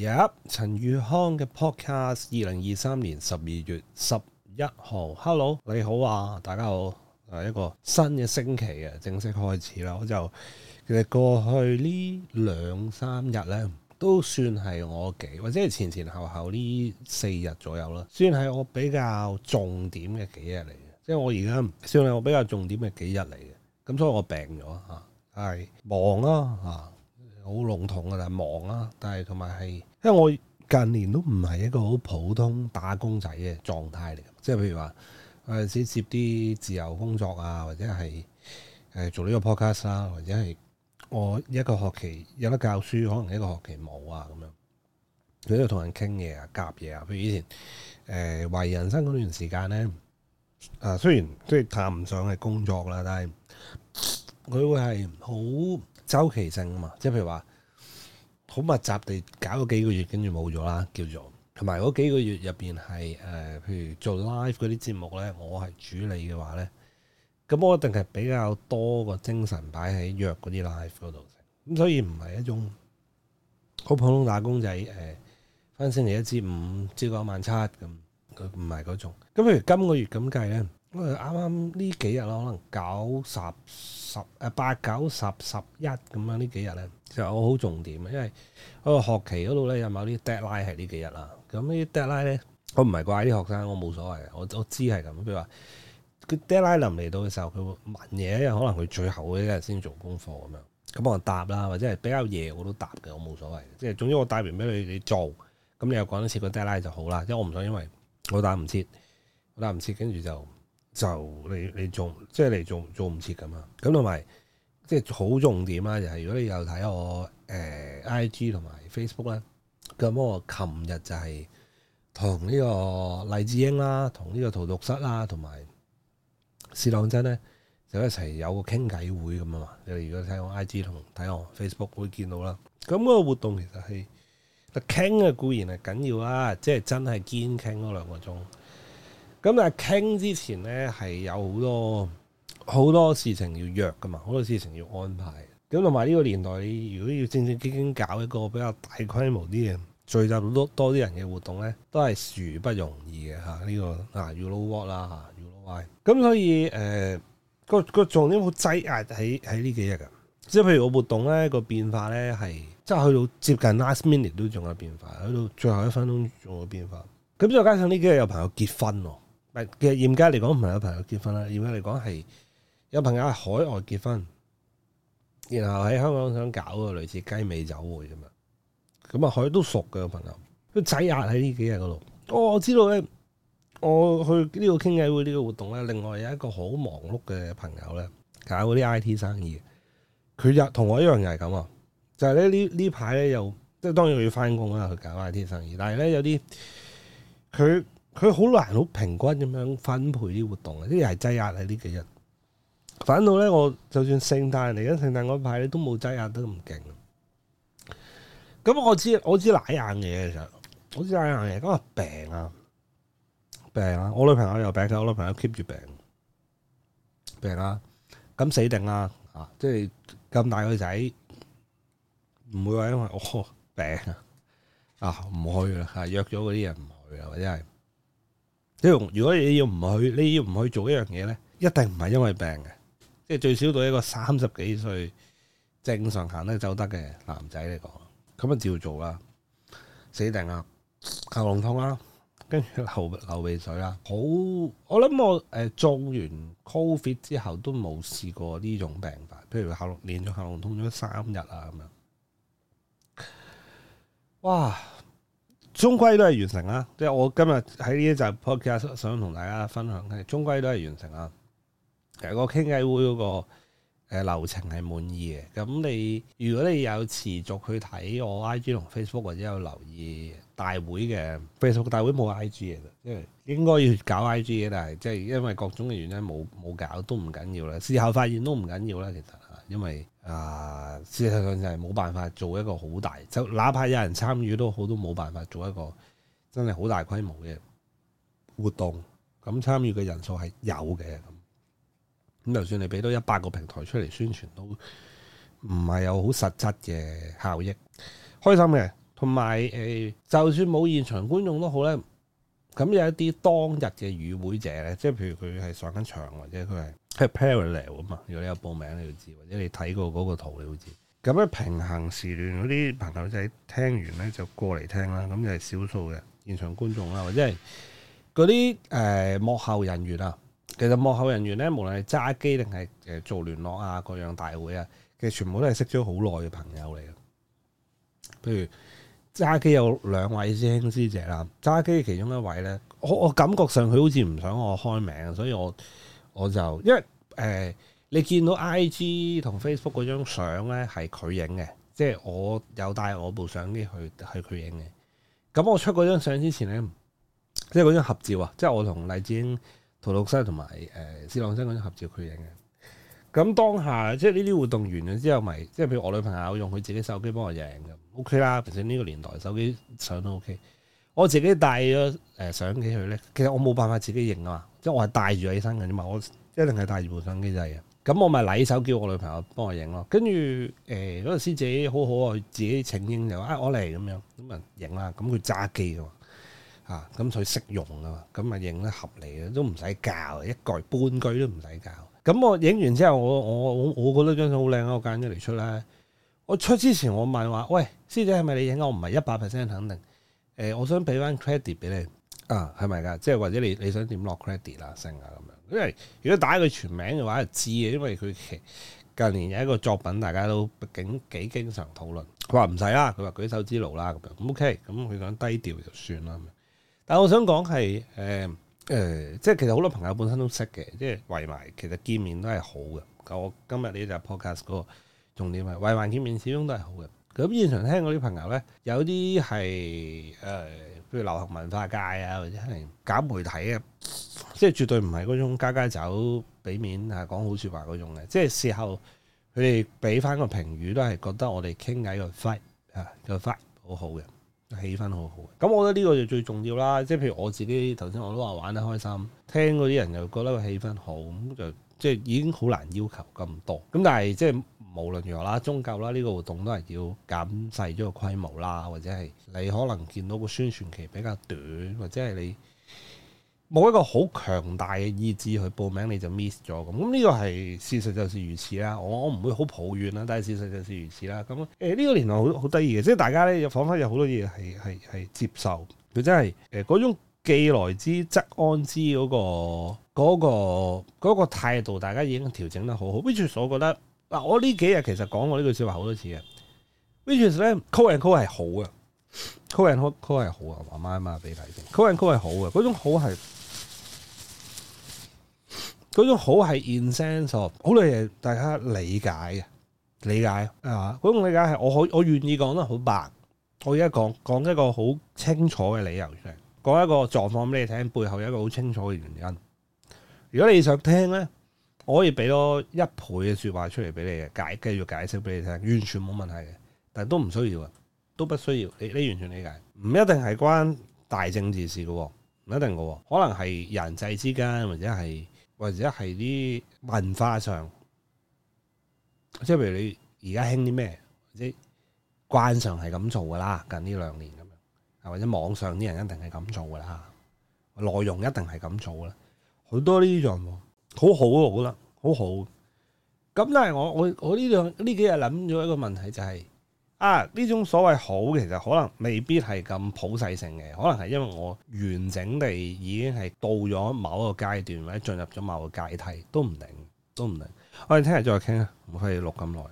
吔陳宇康嘅 podcast，二零二三年十二月十一號，Hello，你好啊，大家好，誒，一個新嘅星期啊，正式開始啦。我就其實過去兩，呢兩三日咧，都算係我幾，或者係前前後後呢四日左右啦，算係我比較重點嘅幾日嚟嘅，即係我而家算係我比較重點嘅幾日嚟嘅。咁所以我病咗啊，係忙啊，吓、啊，好籠統噶啦，忙啦，但係同埋係。因為我近年都唔係一個好普通打工仔嘅狀態嚟嘅，即係譬如話我有時接啲自由工作啊，或者係誒、呃、做呢個 podcast 啦、啊，或者係我一個學期有得教書，可能一個學期冇啊咁樣。佢喺度同人傾嘢啊，夾嘢啊，譬如以前誒懷、呃、疑人生嗰段時間咧，誒、啊、雖然即係談唔上係工作啦，但係佢會係好周期性啊嘛，即係譬如話。好密集地搞咗幾個月，跟住冇咗啦，叫做同埋嗰幾個月入邊係誒，譬如做 live 嗰啲節目咧，我係主理嘅話咧，咁我一定係比較多個精神擺喺約嗰啲 live 度，咁、嗯、所以唔係一種好普通打工仔誒，翻星期一至五朝九晚七咁，佢唔係嗰種。咁譬如今個月咁計咧。啱啱呢幾日啦，可能九十十誒八九十十一咁樣呢幾日咧，其實我好重點，因為我學期嗰度咧有某啲 deadline 係呢幾日啦。咁呢啲 deadline 咧，我唔係怪啲學生，我冇所謂。我我知係咁，譬如話佢 deadline 臨嚟到嘅時候，佢會問嘢，因為可能佢最後一日先做功課咁樣，咁我答啦，或者係比較夜我都答嘅，我冇所謂。即係總之我帶完俾你你做，咁你又趕得切個 deadline 就好啦，因為我唔想因為我打唔切，我打唔切跟住就。就你你做即係你做做唔切咁啊！咁同埋即係好重點啦，就係、是、如果你有睇我誒 I G 同埋 Facebook 啦。咁、呃、我琴日就係同呢個黎智英啦，同呢個陶續室啦，同埋史朗真咧就一齊有個傾偈會咁啊嘛！你如果睇我 I G 同睇我 Facebook 會見到啦。咁嗰個活動其實係傾啊，固然係緊要啦，即係真係堅傾嗰兩個鐘。咁但係傾之前咧，係有好多好多事情要約噶嘛，好多事情要安排。咁同埋呢個年代，你如果要正正經經搞一個比較大規模啲嘅聚集多多啲人嘅活動咧，都係殊不容易嘅嚇。呢個，嗱，You know what 啦，吓，You know why。咁、啊啊啊啊啊、所以誒、呃，個個，個重點好擠壓喺喺呢幾日嘅。即係譬如我活動咧個變化咧係，即係去到接近 last minute 都仲有變化，去到最後一分鐘仲有變化。咁再、嗯、加上呢幾日有朋友結婚喎。其實嚴格嚟講，唔係有朋友結婚啦。嚴格嚟講係有朋友喺海外結婚，然後喺香港想搞個類似雞尾酒會咁樣。咁啊，海都熟嘅朋友，佢仔壓喺呢幾日嗰度。我、哦、我知道咧，我去呢個傾偈會呢個活動咧。另外有一個好忙碌嘅朋友咧，搞嗰啲 I T 生意。佢又同我一樣，又係咁啊，就係、是、咧呢呢排咧又即係當然要翻工啦，去搞 I T 生意。但係咧有啲佢。佢好難好平均咁樣分配啲活動啊，啲又係擠壓喺呢幾日。反到咧，我就算聖誕嚟緊聖誕嗰排咧，都冇擠壓得咁勁。咁我知我知另一樣嘢嘅時候，我知奶硬嘢，咁啊病啊病啊，我女朋友又病嘅，我女朋友 keep 住病病啦，啊，咁死定啦啊！即係咁大個仔，唔會話因為我病啊啊唔去啦吓，啊，約咗嗰啲人唔去啦，或者係。如果如果你要唔去，你要唔去做一樣嘢咧，一定唔係因為病嘅，即係最少到一個三十幾歲正常行得走得嘅男仔嚟講，咁啊照做啦，死定啊，喉嚨痛啦，跟住流流鼻水啦，好，我諗我誒、呃、做完 Covid 之後都冇試過呢種病發，譬如喉連咗喉嚨痛咗三日啊咁樣，哇！終歸都係完成啦，即係我今日喺呢一集 podcast 想同大家分享，嘅，終歸都係完成啦。其實個傾偈會嗰個誒流程係滿意嘅。咁你如果你有持續去睇我 IG 同 Facebook 或者有留意大會嘅 Facebook 大會冇 IG 嘅，因為應該要搞 IG 嘅，但係即係因為各種嘅原因冇冇搞都唔緊要啦，事後發現都唔緊要啦，其實。因為啊、呃，事實上就係冇辦法做一個好大，就哪怕有人參與都好，都冇辦法做一個真係好大規模嘅活動。咁參與嘅人數係有嘅，咁咁就算你俾多一百個平台出嚟宣傳，都唔係有好實質嘅效益。開心嘅，同埋誒，就算冇現場觀眾都好咧。咁有一啲當日嘅與會者咧，即係譬如佢係上緊場，或者佢係 parallel 啊嘛。如果你有報名你要知，或者你睇過嗰個圖你就知。咁咧平行時段嗰啲朋友仔聽完咧就過嚟聽啦。咁就係少數嘅現場觀眾啦，或者係嗰啲誒幕後人員啊。其實幕後人員咧，無論係揸機定係誒做聯絡啊，各樣大會啊，其實全部都係識咗好耐嘅朋友嚟嘅。譬如。揸機有兩位師兄師姐啦，揸機其中一位咧，我我感覺上佢好似唔想我開名，所以我我就因為誒、呃，你見到 IG 同 Facebook 嗰張相咧係佢影嘅，即係我有帶我部相機去，係佢影嘅。咁我出嗰張相之前咧，即係嗰張合照啊，即係我同黎智英、陶老師同埋誒施朗生嗰張合照，佢影嘅。咁當下即係呢啲活動完咗之後，咪即係譬如我女朋友用佢自己手機幫我影嘅，OK 啦。而且呢個年代手機相都 OK。我自己帶咗誒相機去咧，其實我冇辦法自己影啊嘛，即係我係帶住起身嘅啫嘛。我一定係帶住部相機就係。咁我咪禮手叫我女朋友幫我影咯。跟住誒嗰個師姐好可愛，自己請纓就話啊，我嚟咁樣，咁啊影啦。咁佢揸機嘅嘛，嚇，咁佢識用啊嘛，咁咪影得合理啊。都唔使教，一句半句都唔使教。咁、嗯、我影完之後，我我我我覺得張相好靚啊，我揀咗嚟出啦。我出之前我問話，喂師姐係咪你影？我唔係一百 percent 肯定。誒、呃，我想俾翻 credit 俾你啊，係咪噶？即係或者你你想點落 credit 啊，姓啊咁樣。因為如果打佢全名嘅話，知嘅，因為佢近年有一個作品，大家都畢竟幾經常討論。佢話唔使啦，佢話舉手之勞啦咁樣。咁 OK，咁佢講低調就算啦。但係我想講係誒。呃誒、呃，即係其實好多朋友本身都識嘅，即係圍埋，其實見面都係好嘅。我今日呢就 podcast 嗰個重點係圍埋見面，始終都係好嘅。咁現場聽過啲朋友咧，有啲係誒，譬如流行文化界啊，或者係搞媒體啊，即係絕對唔係嗰種家家酒俾面啊，講好説話嗰種嘅。即係事後佢哋俾翻個評語都係覺得我哋傾偈個 fight 啊，個 fight 好好嘅。氣氛好好，咁我覺得呢個就最重要啦。即係譬如我自己頭先我都話玩得開心，聽嗰啲人又覺得個氣氛好，咁就即係已經好難要求咁多。咁但係即係無論如何啦，終究啦，呢個活動都係要減細咗個規模啦，或者係你可能見到個宣傳期比較短，或者係你。冇一個好強大嘅意志去報名，你就 miss 咗咁。咁、嗯、呢、這個係事實就是如此啦。我我唔會好抱怨啦，但係事實就是如此啦。咁誒呢個年代好好得意嘅，即係大家咧又彷彿有好多嘢係係係接受佢真係誒嗰種既來之則安之嗰、那個嗰、那個態、那個、度，大家已經調整得好好。 which is 我覺得嗱，我呢幾日其實講過呢句説話好多次嘅，which is 咧 quote and quote 係好嘅，quote and quote 係好嘅，慢慢啊俾睇先，quote and quote 係好嘅，嗰種好係。嗰種好係 in sense of 好嚟大家理解嘅理解啊！嗰、uh, 種理解係我可我願意講得好白，我而家講講一個好清楚嘅理由出嚟，講一個狀況俾你聽，背後有一個好清楚嘅原因。如果你想聽呢，我可以俾多一倍嘅説話出嚟俾你嘅解，繼續解釋俾你聽，完全冇問題嘅。但都唔需要啊，都不需要。你你完全理解，唔一定係關大政治事嘅喎，唔一定嘅喎，可能係人際之間或者係。或者係啲文化上，即係譬如你而家興啲咩，啲慣常係咁做噶啦，近呢兩年咁樣，啊或者網上啲人一定係咁做噶啦，內容一定係咁做噶啦，好多呢啲人好好噶啦，我覺得，好好。咁但係我我我呢兩呢幾日諗咗一個問題就係。啊！呢種所謂好，其實可能未必係咁普世性嘅，可能係因為我完整地已經係到咗某一個階段，或者進入咗某個階梯，都唔定，都唔定。我哋聽日再傾啊，唔可以錄咁耐。